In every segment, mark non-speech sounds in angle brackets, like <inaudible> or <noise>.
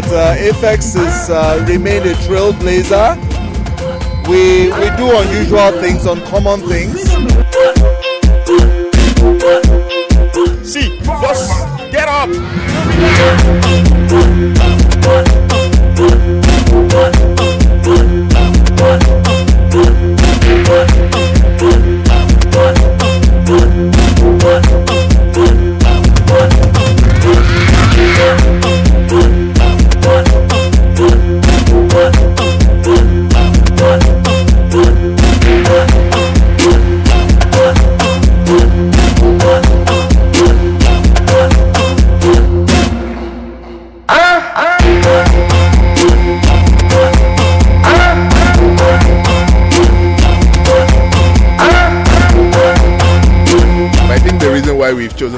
that uh, Apex has uh, remained a trailblazer. We, we do unusual things, uncommon things. See, boss, get up! Get <laughs> up.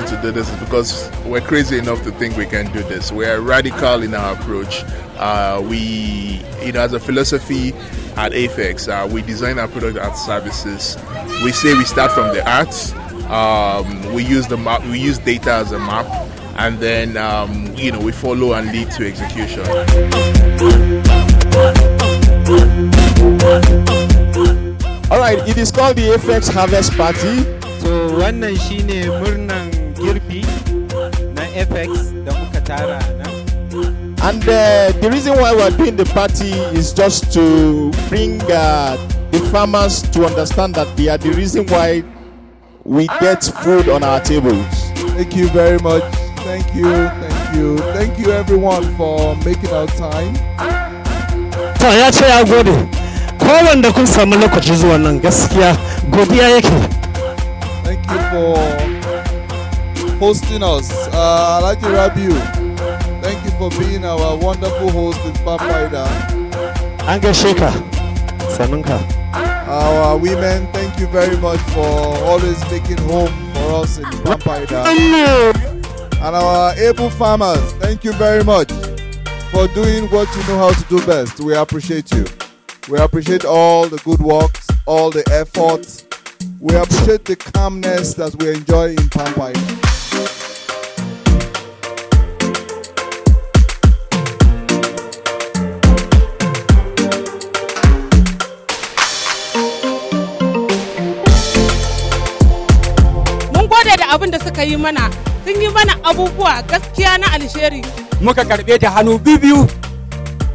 to do this is because we're crazy enough to think we can do this. We're radical in our approach. Uh, we, you know, as a philosophy at Apex, uh, we design our product and services. We say we start from the arts. Um, we use the map. We use data as a map, and then um, you know we follow and lead to execution. Alright, it is called the Apex Harvest Party. So wannan shine FX And uh, the reason why we're doing the party is just to bring uh, the farmers to understand that they are the reason why we get food on our tables. Thank you very much. Thank you. Thank you. Thank you, everyone, for making our time. gode, kun samu lokaci zuwa nan gaskiya godiya yake. Thank you for hosting us. Uh, Alhaji Rabiu, thank you for being our wonderful host in Papaida. Anga Shaker, Sanunka. Our women, thank you very much for always making home for us in Papaida. And our able farmers, thank you very much for doing what you know how to do best. We appreciate you. We appreciate all the good works, all the efforts. We appreciate the calmness that we enjoy in Pampaida. Mun abin da suka yi mana sun yi mana abubuwa gaskiya na alsheri muka karɓe ta hannu biyu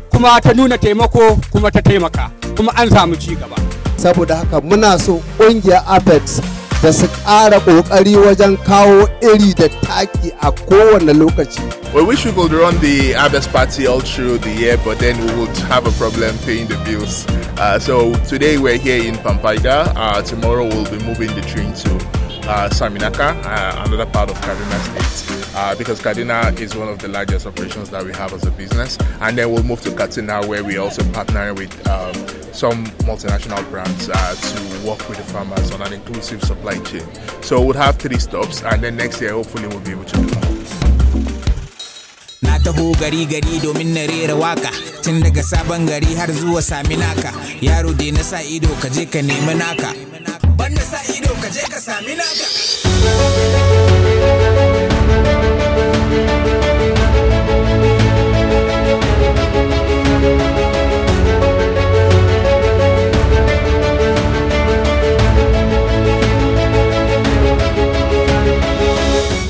kuma ta nuna taimako kuma ta taimaka kuma an samu ci gaba saboda haka muna so ƙungiyar apex da su ƙara ƙoƙari wajen kawo iri da taki a kowane lokaci. We wish we could run the harvest party all through the year, but then we would have a problem paying the bills. Uh, so today we're here in Pampaida. Uh, tomorrow we'll be moving the train to uh, Saminaka, uh, another part of Kaduna State, uh, because Kaduna is one of the largest operations that we have as a business. And then we'll move to Katina, where we also partner with um, some multinational brands uh, to work with the farmers on an inclusive supply chain. So we'll have three stops, and then next year, hopefully, we'll be able to do more. taho gari gari domin na rera waka tun daga sabon gari har zuwa sami naka yaro na sa ido ka je ka nemi naka sa ido ka je ka sami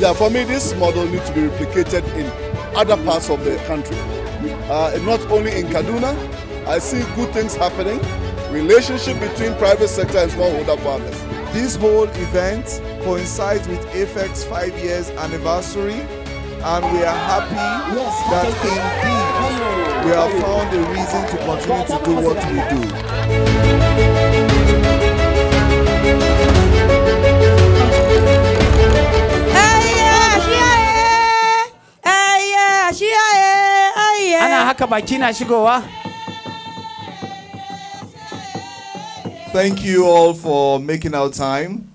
Yeah, for me, this model needs to be replicated in other parts of the country. Uh, not only in Kaduna, I see good things happening relationship between private sector and smallholder farmers. This whole event coincides with AFEC's five years anniversary and we are happy that indeed we have found a reason to continue to do what we do. Eh, eh, Ana haka baki na shigowa? Thank you all for making our time.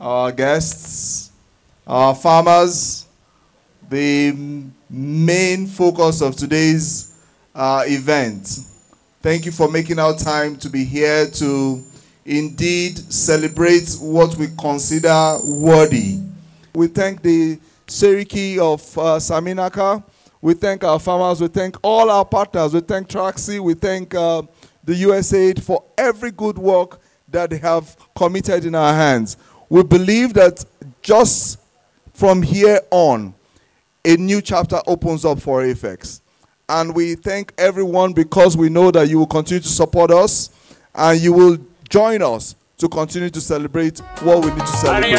Our guests, our farmers, the main focus of today's uh, event. Thank you for making our time to be here to indeed celebrate what we consider worthy. We thank the Seriki of uh, Saminaka. We thank our farmers. We thank all our partners. We thank Traxi. We thank uh, the USAID for every good work that they have committed in our hands. We believe that just from here on, a new chapter opens up for AFEX. And we thank everyone because we know that you will continue to support us and you will join us to continue to celebrate what we need to celebrate.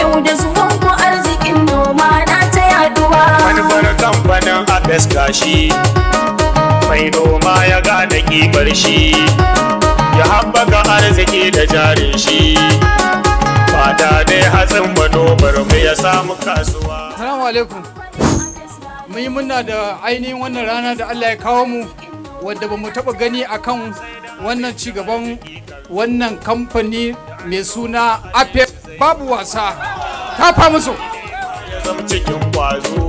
yau da zuwan ku arzikin noma na ta yaduwa manufar kamfanin a gaska shi mai noma ya gane kibar shi ya haɓaka arziki da jarin shi fata ne hatsin manobar mu ya samu kasuwa salamu alaikum mun yi muna da ainihin wannan rana da allah ya kawo mu wadda ba mu taɓa gani akan wannan cigaban wannan kamfani mai suna ape babu wasa ta fa musu cikin kwazo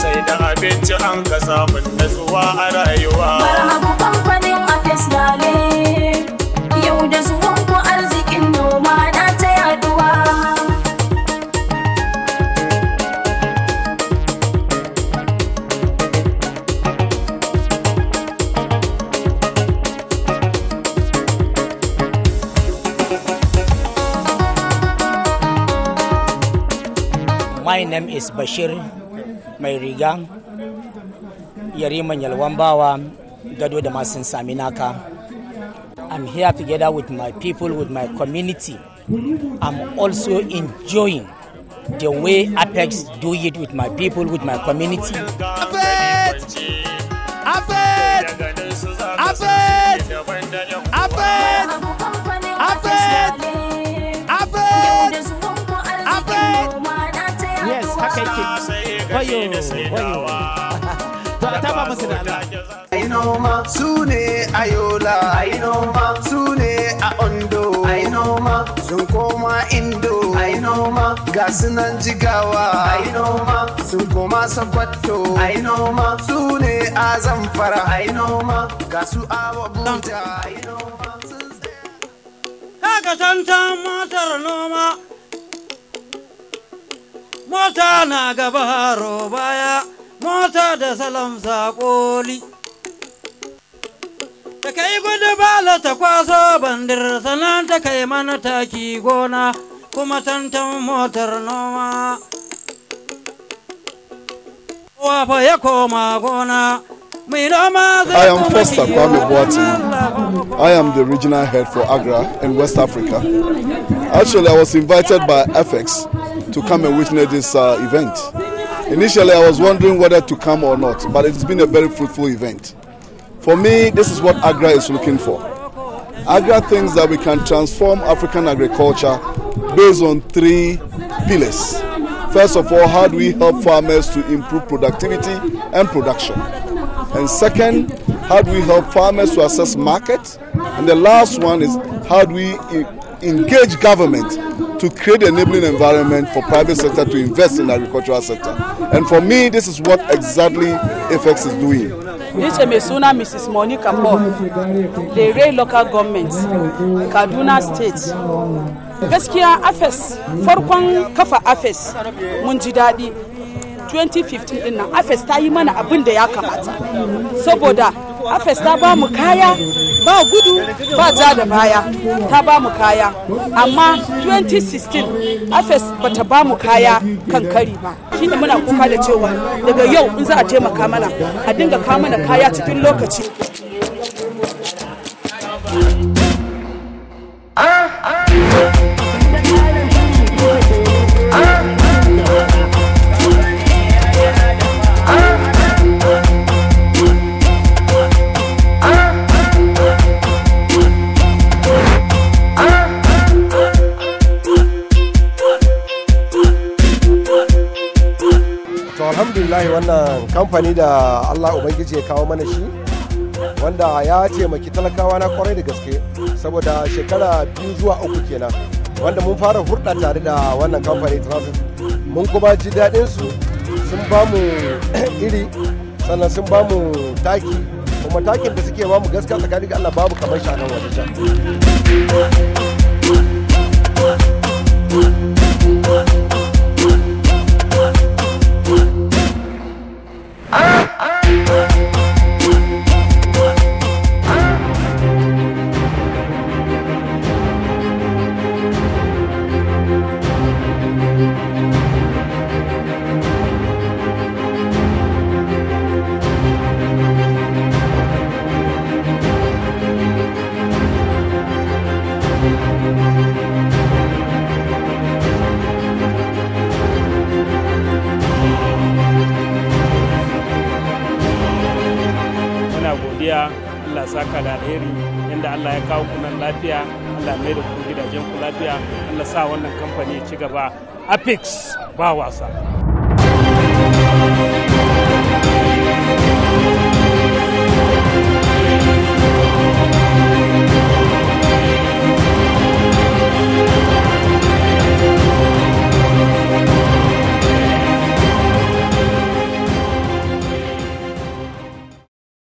sai da abinci an ka samun nasuwa a rayuwa My name is Bashir Mairiga, Yariman Yalwambawa, the Damasin Saminaka. I'm here together with my people, with my community. I'm also enjoying the way Apex do it with my people, with my community. Apex! Apex! wayo wayo <laughs> ta su ne a yola ai su ne a ondo ai noma sun koma indo noma ga sunan jigawa ai sun koma sabato ai su ne a zamfara ai noma ga su a tantan matar noma mota na gaba haro baya mota da salam koli. ta kai gudu bala ta kwaso bandir sanan ta kai mana taki gona kuma tantan motar noma wafa ya koma gona I am Foster Kwame Boati. I am the regional head for Agra in West Africa. Actually, I was invited by FX to come and witness this uh, event. Initially, I was wondering whether to come or not, but it's been a very fruitful event. For me, this is what Agra is looking for. Agra thinks that we can transform African agriculture based on three pillars. First of all, how do we help farmers to improve productivity and production? And second, how do we help farmers to access market? And the last one is how do we eh, engage government to create enabling environment for private sector to invest in agricultural sector. And for me, this is what exactly FX is doing. This is mai suna Mrs. Monica Paul, Ray Local Government, Kaduna State. Gaskiya AFES, farkon kafa AFES mun ji daɗi. 2015 din AFES ta yi mana abin da ya kamata. Saboda AFES ta ba mu kaya ba gudu ba ja da baya ta ba mu kaya amma 2016 afes ba ta ba mu kaya kan kari ba shi ne muna kuka da cewa daga yau in za a taimaka mana a dinga kawo mana kaya cikin lokaci kamfani da allah ubangiji ya kawo mana shi wanda ya taimaki talakawa na kwarai da gaske saboda shekara biyu zuwa uku kenan wanda mun fara hurɗa tare da wannan kamfani transit mun kuma ji daɗin su sun ba mu <clears throat> iri sannan sun ba mu taki kuma takin da suke ba mu gaskiya tsakanin ga allah babu kamar shanan wani can saka da alheri inda Allah ya kawo kunan lafiya Allah mai da ku gidajen ku lafiya Allah sa wannan kamfani ya ci gaba apex ba wasa